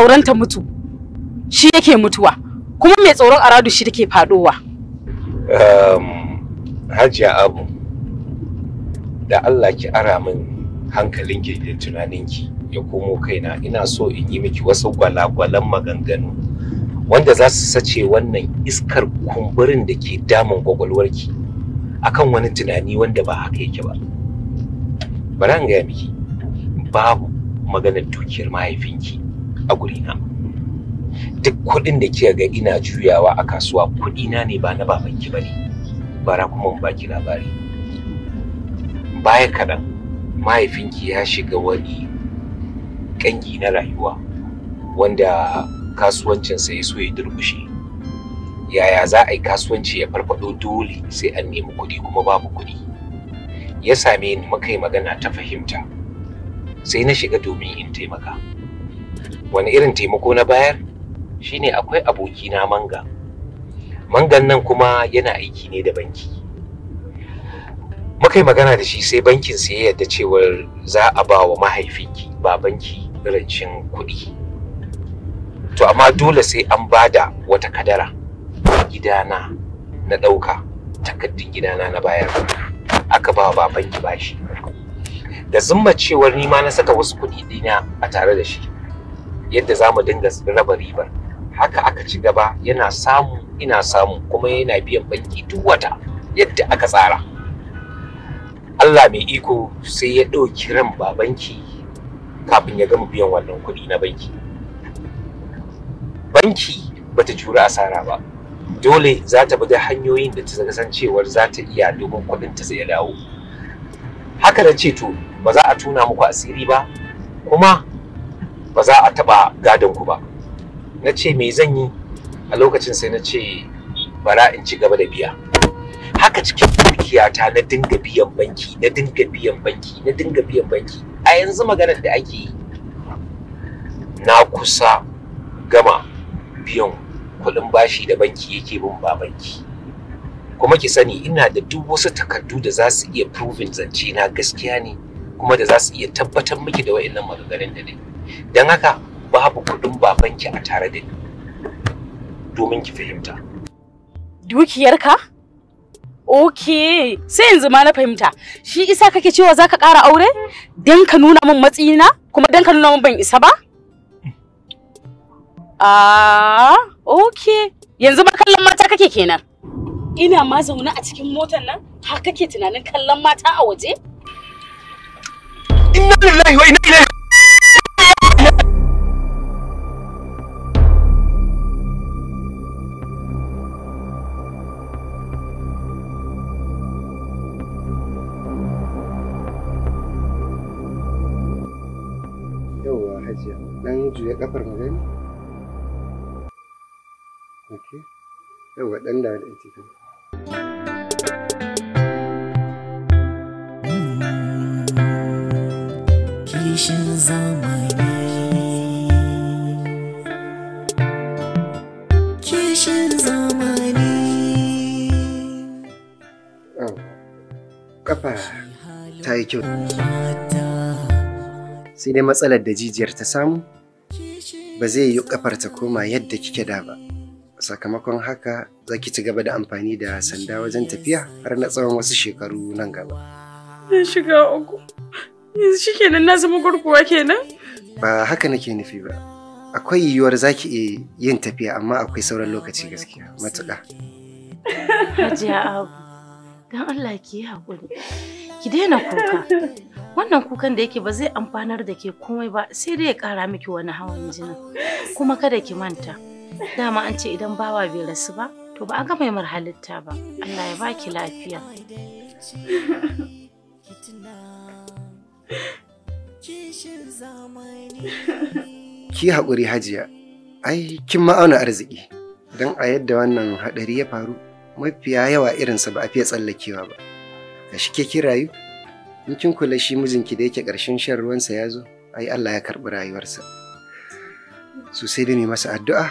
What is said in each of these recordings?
tsoron ta mutu shi yake mutuwa kuma mai tsoron aradu shi take fadowa um, hajiya abu da allah ki ara min hankalinki da tunaninki ya komo kaina ina so in yi miki wasu gwalagwalan maganganu wanda za su sace wannan iskar kumburin da ke damun gwagwalwarki akan wani tunani wanda ba haka yake ba bari an gaya miki babu maganar dukiyar mahaifinki a gurina duk kuɗin da kika ga ina juyawa a kasuwa kuɗina ne ba na babanki ba ne bara kuma mu baki labari baya kaɗan mahaifinki ya shiga wani ƙangi na rayuwa wanda kasuwancinsa ya so ya durkushe yaya za a yi kasuwanci ya farfaɗo dole sai an nemi kuɗi kuma babu kuɗi ya same ni muka yi magana ta fahimta sai na shiga domin in taimaka wani irin taimako na bayar shine akwai abokina manga mangan nan kuma yana aiki ne da banki muka yi magana da shi sai bankin sai ya yarda cewar za a ba wa mahaifinki ba banki rancin kuɗi to amma dole sai an ba da wata kadara gidana na ɗauka takardun gidana na bayar aka ba wa babanki bashi da zumma cewar ma na saka wasu kuɗi ɗina a tare da shi yadda za mu dinga raba ribar haka aka ci gaba yana samu ina samu kuma yana biyan banki duk wata yadda aka tsara Allah mai iko sai ya ɗauki ran banki kafin ya gama biyan wannan kuɗi na banki banki bata jura asara ba dole za ta bude hanyoyin da ta san cewar za ta iya domin kuɗin ta ya dawo haka da ce to ba za a tuna muku asiri ba kuma ba za a taɓa gadon ku ba na ce me zan yi a lokacin sai na ce bara in ci gaba da biya haka cikin dukiyata na dinga biyan banki na dinga biyan banki na dinga biyan banki a yanzu maganar da ake yi na kusa gama biyan kuɗin bashi da banki yake bin ba banki kuma ki sani ina da duk wasu takardu da za su iya proving zance na gaskiya ne kuma da za su iya tabbatar miki da wa'annan maganganun da ne don haka babu kuɗin babanki a tare da ni domin ki fahimta dukiyarka Okay. sai yanzu ma na fahimta shi isa kake cewa zaka ƙara aure don ka nuna min matsina kuma don ka nuna min ban isa ba ah okay. yanzu ma kallon mata kake kenan ina ma zaune a cikin motar nan har kake tunanin kallon mata a waje inna lillahi wa inna ilaihi ɗan juya kafar mu gani ok yawa ɗan da da ita Kishin zamani Kishin zamani Oh, ta yi kyau. sai dai matsalar da jijiyar ta samu ba zai yi kafar ta koma yadda kike da ba sakamakon haka za ki ci gaba da amfani da sanda wajen tafiya har na tsawon wasu shekaru nan gaba na shiga uku yanzu kenan na zama gurguwa kenan ba haka nake nufi ba akwai yiwuwar za ki iya yin tafiya amma akwai sauran lokaci gaskiya matuƙa Hajiya Abu, don Allah ki yi haƙuri, ki daina kuka. wannan kukan da yake ba zai amfanar da ke komai ba sai dai ya kara miki wani hawan jinin kuma kada ki manta dama an ce idan bawa bai rasu ba to ba a ga mai halitta ba Allah ya baki lafiya ki hakuri hajiya ai kin ma'auna arziki don a yadda wannan hadari ya faru mafiya yawa irinsa ba a fiye tsallakewa ba a shi ke rayu in kin kula shi mijinki da yake ƙarshen shan ruwansa ya zo ai Allah ya karɓi rayuwarsa su sai da masa addu'a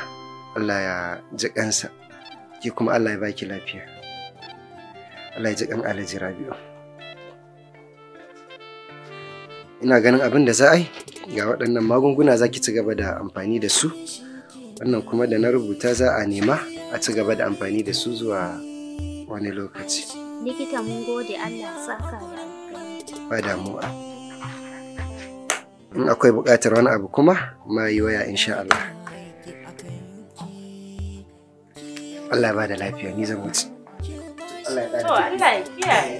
Allah ya ji kansa ke kuma Allah ya baki lafiya Allah ya ji ƙan alaji Rabi'u ina ganin abin da za a yi ga waɗannan magunguna za ki ci gaba da amfani da su wannan kuma da na rubuta za a nema a ci gaba da amfani da su zuwa wani lokaci likita mun gode Allah saka da ba damuwa in akwai buƙatar wani abu kuma ma yi waya insha Allah Allah ba da lafiya ni zan wuce Allah ya kiyaye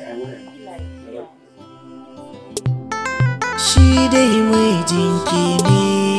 shi dai mai jinki ne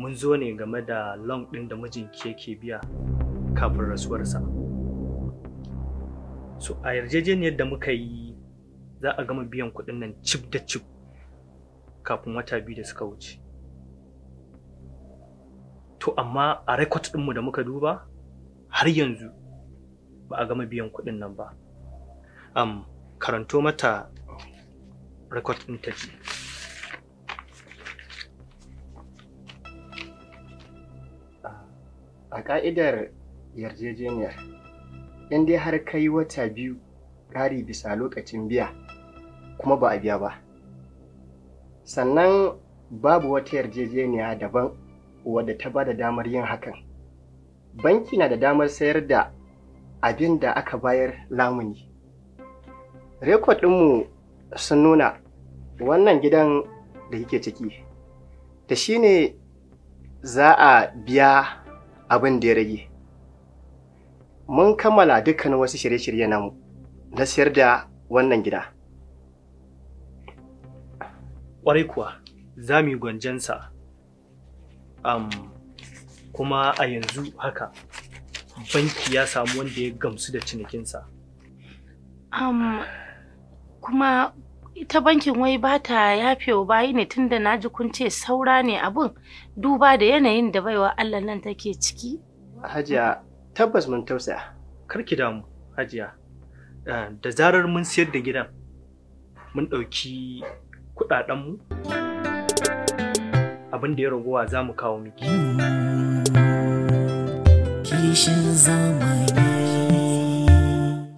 mun zo ne game da long ɗin da mijinki yake biya kafin rasuwarsa so a yarjejeniyar da muka yi za a gama biyan kuɗin nan cif da cif kafin wata biyu da suka wuce to amma a rekod ɗinmu da muka duba har yanzu ba a gama biyan kuɗin nan ba um, karanto mata rekod ɗin ta ce a ka'idar yarjejeniyar in dai har kai wata biyu ƙari bisa lokacin biya kuma ba a biya ba sannan babu wata yarjejeniya daban wadda ta ba da damar yin hakan banki na da damar sayar da abin da aka bayar lamuni Rekodinmu sun nuna wannan gidan da yake ciki da shi ne za a biya abin da ya rage mun kammala dukkan wasu shirye-shirye namu na siyar da wannan gida ƙwarai kuwa za mu yi gwanjansa um, kuma a yanzu haka banki ya samu wanda ya gamsu da cinikinsa kuma ita bankin wai ba ta yafe wa bayi ne tunda na ji kun ce saura ne abun duba da yanayin da baiwa Allah nan take ciki? Hajiya tabbas mun tausaya kar ki damu Hajiya ah, da zarar mun siyar da gidan mun ɗauki kuɗaɗenmu abin da ya raguwa za mu kawo miki.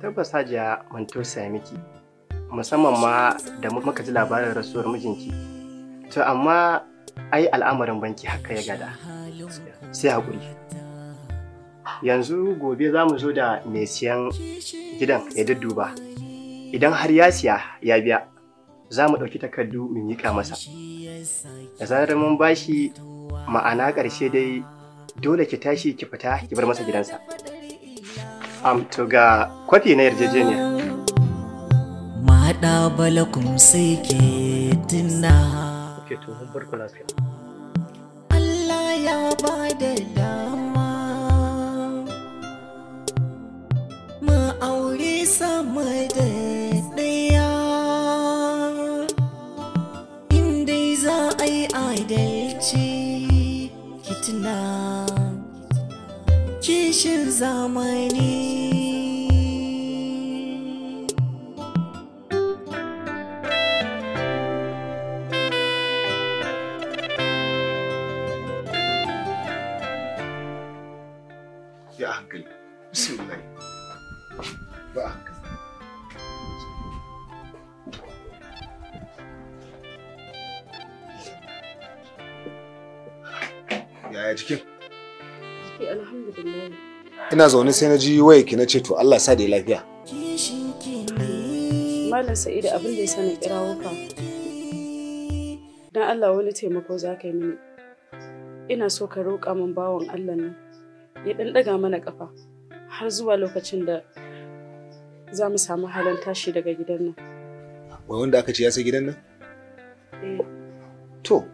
Tabbas Hajiya mun tausaya miki. musamman ma da muka ji labarin rasuwar mijinki to amma ai al'amarin banki haka ya gada sai haƙuri yanzu gobe za mu zo da mai siyan gidan ya dudduba idan har ya siya ya biya za mu ɗauki takardu mu miƙa masa da zarar mun bashi ma'ana ƙarshe dai dole ki tashi ki fita ki bar masa gidansa am to ga kwafi na yarjejeniya bala balakum sai ke tuna Allah ya ba da dama ma aure sama da ɗaya inda za a yi adalci ki tuna kishin zamani Yaya jikin? Jiki alhamdulillah. Ina zaune sai na ji waya ki na ce to Allah sa da lafiya. Malam Sa'idu abin da ya sani kirawo ka. Dan Allah wani taimako za ka yi mini. Ina so ka roƙa min bawan Allah nan. Ya ɗanɗaga daga mana kafa har zuwa lokacin da za mu samu halin tashi daga gidan nan. Wai wanda aka ce ya sai gidan nan? Eh. To,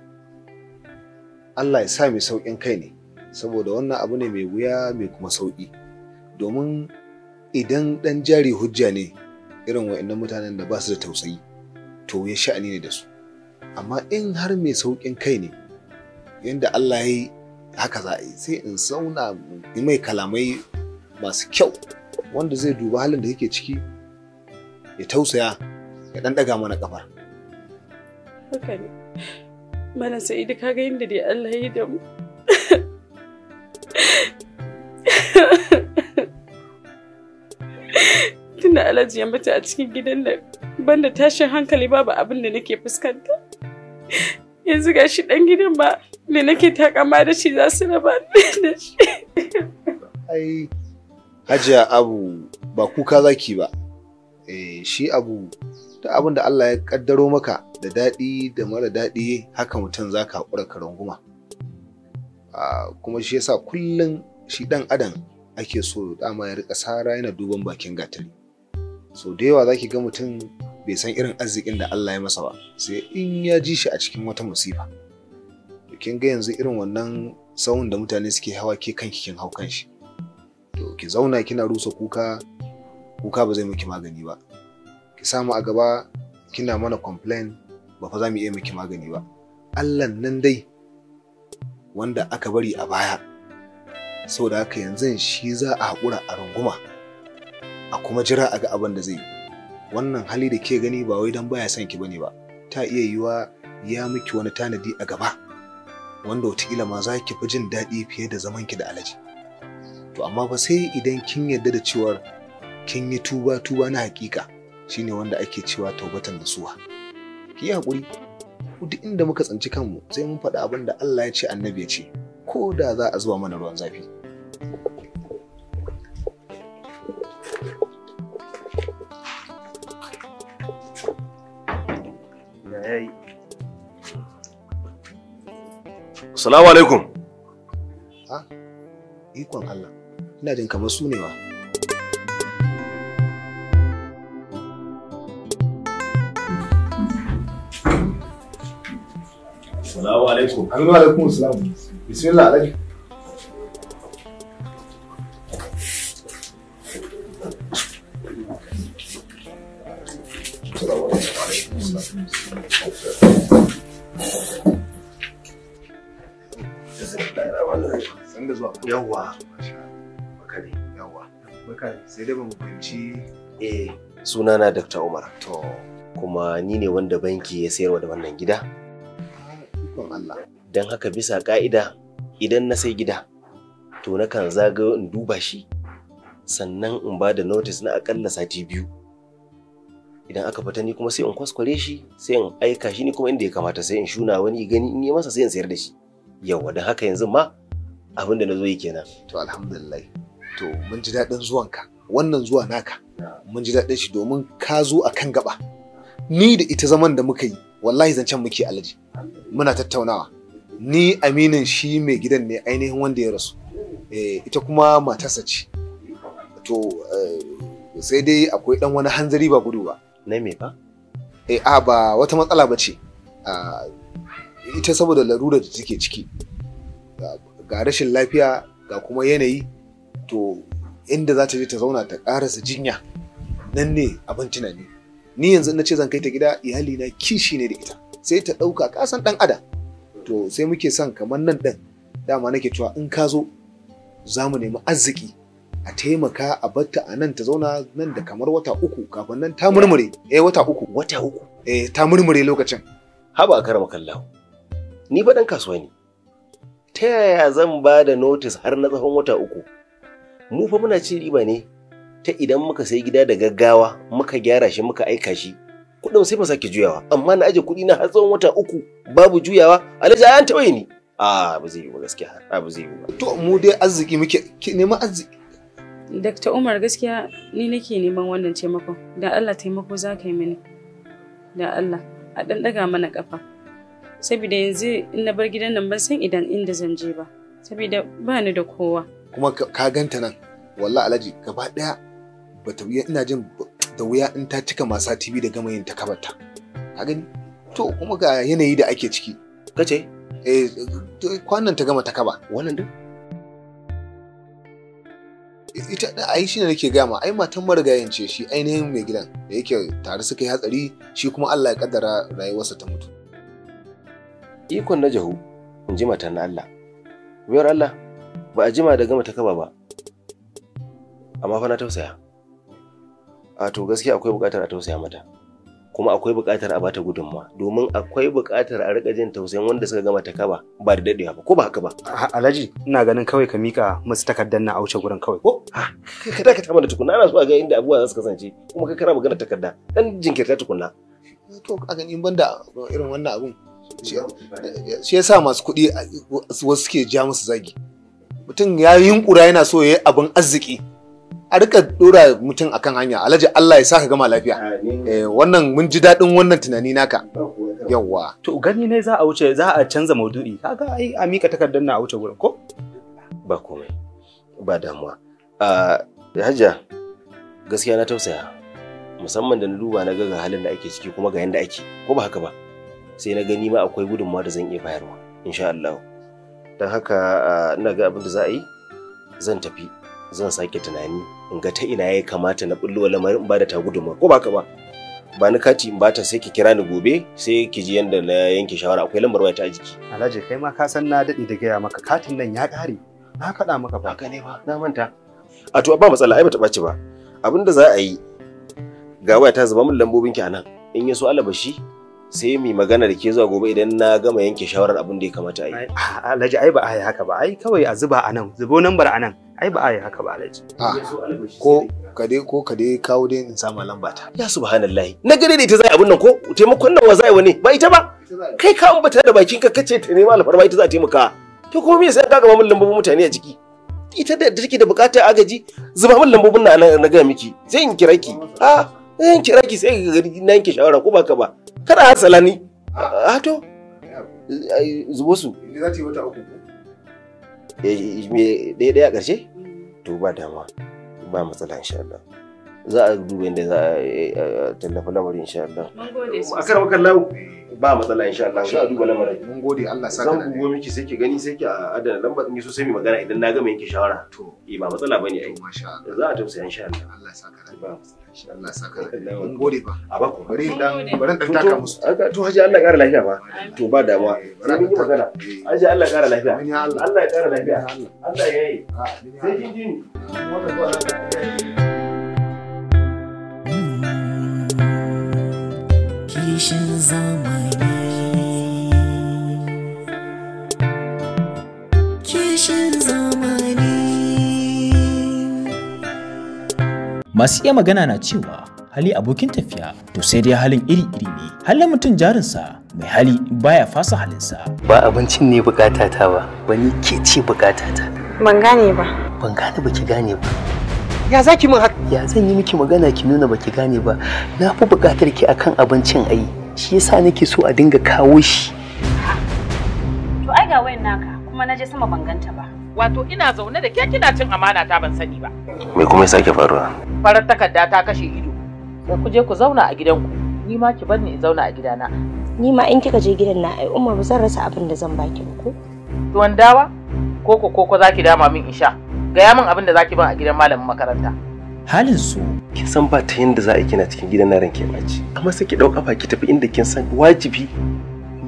Allah ya sa mai sauƙin kai ne saboda wannan abu ne mai wuya mai kuma sauƙi domin idan ɗan jari hujja ne irin wa'annan mutanen da ba su da tausayi to ya sha'ani ne da su amma in har mai sauƙin kai ne yadda Allah ya yi haka za a yi sai in sauna mai kalamai masu kyau wanda zai duba halin da yake ciki ya tausaya ya ɗanɗaga mana ƙafar. mana Sa'idu ka ga yadda dai Allah ya da mu. Tunda alaji ya a cikin gidan nan banda tashin hankali babu abin da nake fuskanta. Yanzu gashi shi ɗan gidan ba da nake takama da shi za su raba da shi. Ai, Hajiya Abu ba kuka zaki ba. Eh, shi Abu da abin da Allah ya kaddaro maka da daɗi da mara daɗi haka mutum za ka haƙura ka runguma kuma shi yasa kullum shi ɗan adam ake so dama ya rika sara yana duban bakin gatari so da yawa za ki ga mutum bai san irin arzikin da Allah ya masa ba sai in ya ji shi a cikin wata musifa kin ga yanzu irin wannan tsawon da mutane suke hawa ke kanki kin hau kanshi to ki zauna kina rusa kuka kuka ba zai miki magani ba samu a gaba kina mana complain ba fa za mu iya miki magani ba Allah nan dai wanda aka bari a baya saboda haka yanzu shi za a hakura a runguma a kuma jira a ga abin da zai wannan hali da ke gani ba wai dan baya son ki bane ba ta iya yiwa ya miki wani tanadi a gaba wanda wata wataƙila ma za ki fi jin daɗi fiye da zaman ki da alaji to amma ba sai idan kin yarda da cewar kin yi tuba tuba na haƙiƙa shine wanda ake cewa taubatan da ki yi haƙuri duk inda muka tsanci kanmu sai mun faɗi abin da Allah ya ce annabi ya ce ko da za a zuwa mana ruwan zafi Salamu alaikum. Ha? Ah, ikon Allah. Ina jin kamar su ne Assalamu alaikum. Assalamu alaikum assalam. Bismillah alaikum. Yawwa. Bakari. Yawwa. Bakari sai dai ba mu fahimci. Eh sunana Dr. Umar. To kuma ni ne wanda banki ya sayarwa da wannan gida. ikon Allah. Don haka bisa ka'ida idan na sai gida to nakan zagayo in duba shi sannan in ba da notice na akalla sati biyu. Idan aka fita ni kuma sai in kwaskware shi sai in aika shi ni kuma inda ya kamata sai in shuna wani gani in yi masa sai in sayar da shi. Yawwa don haka yanzu ma abin da na zo yi kenan. To alhamdulillah. To mun ji daɗin zuwanka wannan zuwa naka. Mun ji daɗin shi domin ka zo a kan gaba. ni da ita zaman da muka yi wallahi zancen muke alaji muna tattaunawa ni aminin shi mai gidan ne ainihin wanda ya rasu eh, ita kuma matarsa ce to eh, sai dai akwai dan wani hanzari ba gudu ba na me ba eh a ba wata matsala ba ce ita saboda larurar da take ciki ga rashin lafiya ga kuma yanayi to inda za ta je ta zauna ta karasa jinya nan ne abin tunani ni yanzu na ce zan kai ta gida iyali na kishi ne da ita sai ta ɗauka kasan ɗan ada to sai muke son kamar nan ɗin dama nake cewa in ka zo za mu nemi arziki a taimaka a batta a nan ta zauna nan da kamar wata uku kafin nan ta murmure eh wata uku wata uku eh ta murmure lokacin haba a karama kallahu ni ba dan kasuwa ne ta yaya zan ba da notice har na tsawon wata uku mu fa muna cin riba ne ta idan muka sayi gida da gaggawa muka gyara shi muka aika shi kuɗin sai mu sake juyawa amma na aje kuɗi na har tsawon wata uku babu juyawa alhaji an taɓa ni a ba zai yi ba gaskiya a ba zai yi ba to mu dai arziki muke neman arziki dakta Umar gaskiya ni nake neman wannan taimakon da Allah taimako za ka yi mini da Allah a dan daga mana ƙafa saboda yanzu in na bar gidan nan ban san idan inda zan je ba saboda ba ni da kowa kuma ka ganta nan wallahi alhaji gaba ɗaya bata ina jin da wuya in ta cika masa TV da gama yin ta kabata ka gani to kuma ga yanayi da ake ciki kace eh kwanan ta gama ta kaba wannan din ita da ai shine nake gama ai matan marigayen ce shi ainihin mai gidan da yake tare suka yi hatsari shi kuma Allah ya kaddara rayuwarsa ta mutu ikon na jahu in ji matan Allah wayar Allah ba a jima da gama ta kaba ba amma fa na tausaya a to gaskiya akwai buƙatar a tausaya mata kuma akwai buƙatar a bata gudunmawa domin akwai buƙatar a rika jin tausayin wanda suka gama ta kaba ba da dadewa ba ko ba haka ba alhaji ina ganin kawai ka mika musu takardar na auce gurin kawai ko ka da ka tama tukunna ana so a ga inda abubuwa za su kasance kuma kai kana magana takarda dan jinkirta tukunna to a gani in banda irin wannan abun shi yasa masu kuɗi wasu suke ja musu zagi mutum ya yunkura yana so ya yi abin arziki a rika dora mutum akan hanya alhaji Allah ya saka gama lafiya eh, wannan mun ji daɗin wannan tunani naka yawa to gani ne za a wuce za a canza maudu'i kaga ai a mika takardar na a wuce gurin ko ba komai ba damuwa a ah, hajja gaskiya na tausaya musamman da na duba na ga halin da ake ciki kuma ga yanda ake ko ba haka ba sai na gani ma akwai gudunmawa da zan iya bayarwa insha Allah don haka ah, ina ga abin da za a yi zan tafi zan sake tunani in ga ta ina ya kamata na bullo lamarin ba da ta gudunma ko baka ba ba ni kati in bata sai ki kira ni gobe sai ki ji yanda na yanke shawara akwai lambar waya ta a jiki alhaji kai ma ka san na dadi da gaya maka katin nan ya kare na faɗa maka ba ka ne ba na manta a to ba matsala ai bata ɓaci ba abin da za a yi ga waya ta zuba min lambobin ki anan in ya so alabashi sai mu magana da ke zuwa gobe idan na gama yanke shawarar abin da ya kamata a yi alhaji ai ba a yi haka ba ai kawai a zuba anan zubo lambar anan ai ba a yi haka ba alhaji ko ka dai ko ka dai kawo dai in samu lamba ta ya subhanallahi na gare da ita zai abun nan ko taimakon nan wa zai wani ba ita ba kai ka bata da bakin ka kace ta nema alfarma ita za ta taimaka to ko me sai ka gaba mun lambobin mutane a jiki ita da take da bukatar agaji zuba mun lambobin nan na ga miki sai in kira ki a sai in kira ki sai ga gari na yanke shawara ko baka ba kada hasala ni a to zubo su za ta yi wata uku Eh, me ɗaya ɗaya ƙarshe to ba dama ba matsala insha Allah za a duba inda za a tallafa lamarin insha Allah. A kar wakan lau ba matsala insha Allah za a duba lamarin. Mun gode Allah saka. Zan gugo miki sai ki gani sai ki adana lambar in so sai mi magana idan na gama yanke shawara. To eh ba matsala bane ai. Allah. Za a tausaya insha Allah. Allah saka. Ba insha Allah saka. Mun gode ba. A bako. Bari dan bari dan taka musu. To haji Allah kara lafiya ba. To ba damuwa. Sai mun yi magana. Haji Allah kara lafiya. Allah ya kara lafiya. Eh, Allah ya yi. Sai kin ji ni. Wannan ba Allah. kishin kishin zamani masu iya magana na cewa hali abokin tafiya to sai dai halin iri-iri ne halin mutum jarinsa mai hali baya fasa halinsa ba abincin ne bukatata ba wani ke ce bukatata ban gane ba ban gane ba ki gane ba ya zaki min haka ya zan yi miki magana ki nuna baki gane ba na fi buƙatar ki akan abincin ai. shi yasa nake so a dinga kawo shi to ai ga wayan naka kuma naje sama ban ganta ba wato ina zaune da ke kina cin amana ta ban sani ba me kuma ya sake faruwa farar takarda ta kashe ido sai ku je ku zauna a gidanku ni ma ki bar ni in zauna a gidana ni ma in kika je gidan na ai umar zan rasa abin da zan baki ba ko tuwon dawa koko koko zaki dama min in sha gaya min abin da zaki ban a gidan malamin makaranta halin su kin san ba ta yadda za a kina cikin gidan yaran ke baci amma sai ki ɗauka ba ki tafi inda kin san wajibi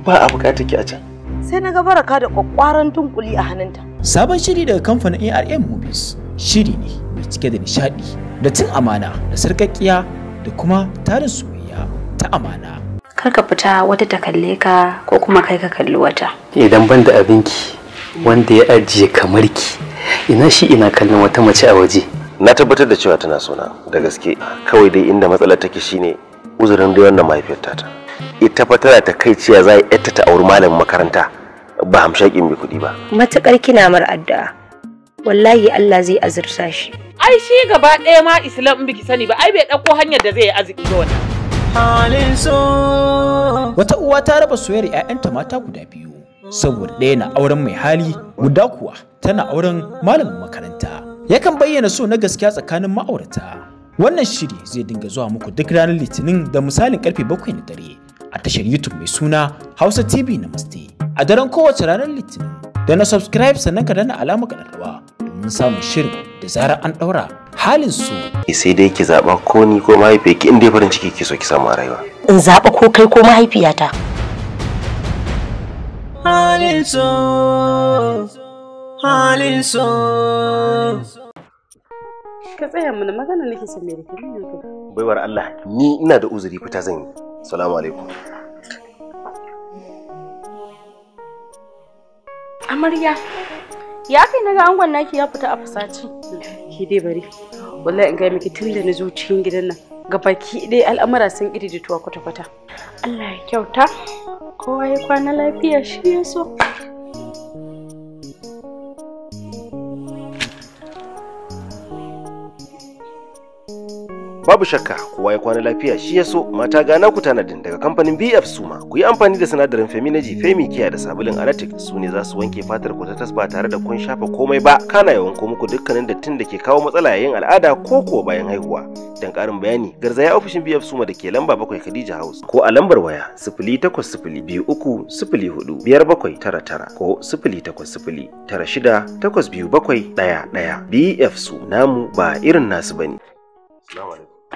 ba a buƙatar ki a can sai na ga baraka da kwakwaran tunkuli a hannunta sabon shiri daga kamfanin ARM Movies shiri ne mai cike da nishaɗi, da cin amana da sarkakkiya da kuma tarin soyayya ta amana kar ka fita wata ta kalle ka ko kuma kai ka kalli wata idan ban da abinki wanda ya ajiye kamar ki ina shi ina kallon wata mace a waje na tabbatar da cewa tana sona da gaske kawai dai inda matsalar take shine uzurin da wannan mahaifiyar ta ita fa tana ta kai ciya za ta ta auri malamin makaranta ba hamshakin bai kuɗi ba matukar kina mar addu'a wallahi Allah zai azurta shi ai shi gaba ɗaya ma islam in biki sani ba ai bai ɗauko hanyar da zai yi arziki ga wannan halin so wata uwa ta raba soyayyar 'ya'yanta mata guda biyu saboda ɗaya na auren mai hali guda kuwa tana auren malamin makaranta. Yakan bayyana so na gaskiya tsakanin ma'aurata. Wannan shiri zai dinga zuwa muku duk ranar Litinin da misalin karfe bakwai na dare a tashar YouTube mai suna Hausa TV na Namaste. A daren kowace ranar Litinin da na subscribe sannan ka dana alamar kararrawa domin samun shirin da zarar an ɗaura halin su. Eh, sai dai ki zaɓa ko ni ko ki, in dai farin ciki ki so ki samu a rayuwa. In zaɓa ko kai ko mahaifiyata. Halin so. halin so ka tsaya mana magana nake son me rike ne baiwar Allah ni ina da uzuri fita zan yi Salamu alaikum amarya ya kai ga angon naki ya fita a fasaci ki dai bari wallahi in gaya miki tun da na zo cikin gidan nan ga baki dai al'amura sun ƙirijituwa kwata-kwata Allah ya kyauta kowa ya kwana lafiya shi ya so babu shakka kowa ya kwana lafiya shi ya so mata gana ku tanadin daga kamfanin BF Suma ku yi amfani da sinadarin Feminagy Femi Kiya da sabulin Anatic su ne za su wanke fatar ku ta tasba tare da kun shafa komai ba kana yawan ko muku dukkanin dattin da ke kawo matsala yayin al'ada ko kuwa bayan haihuwa dan karin bayani garzaya ofishin BF Suma da ke lamba bakwai Khadija House ko a lambar waya tara tara ko tara shida takwas biyu bakwai ɗaya ɗaya BF Suma namu ba irin nasu bane. Assalamu alaikum.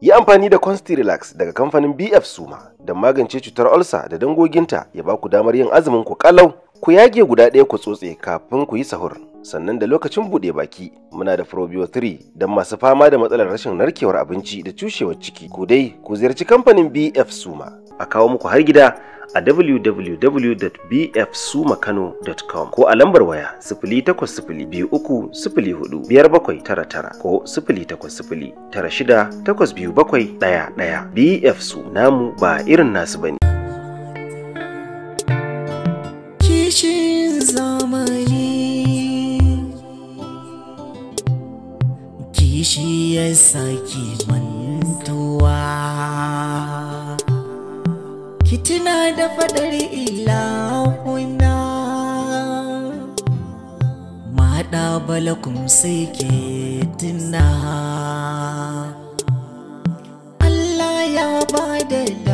Yi amfani da relax daga kamfanin BF Suma don magance cutar olsa da dangoginta ya ba ku damar yin azumin ku kalau ku yage guda ɗaya ku tsotse kafin ku yi sahur. sannan da lokacin buɗe baki muna da probio 3 don masu fama da matsalar rashin narkewar abinci da cushewar ciki ku dai ku ziyarci kamfanin bf suma a kawo muku har gida a www.bfsumakano.com ko a lambar waya 08023045799 ko ɗaya. bf su namu ba irin nasu bane ya saki mantuwa kitina da fadar ilahuna maɗa balakun sai ke tuna Allah ya ba da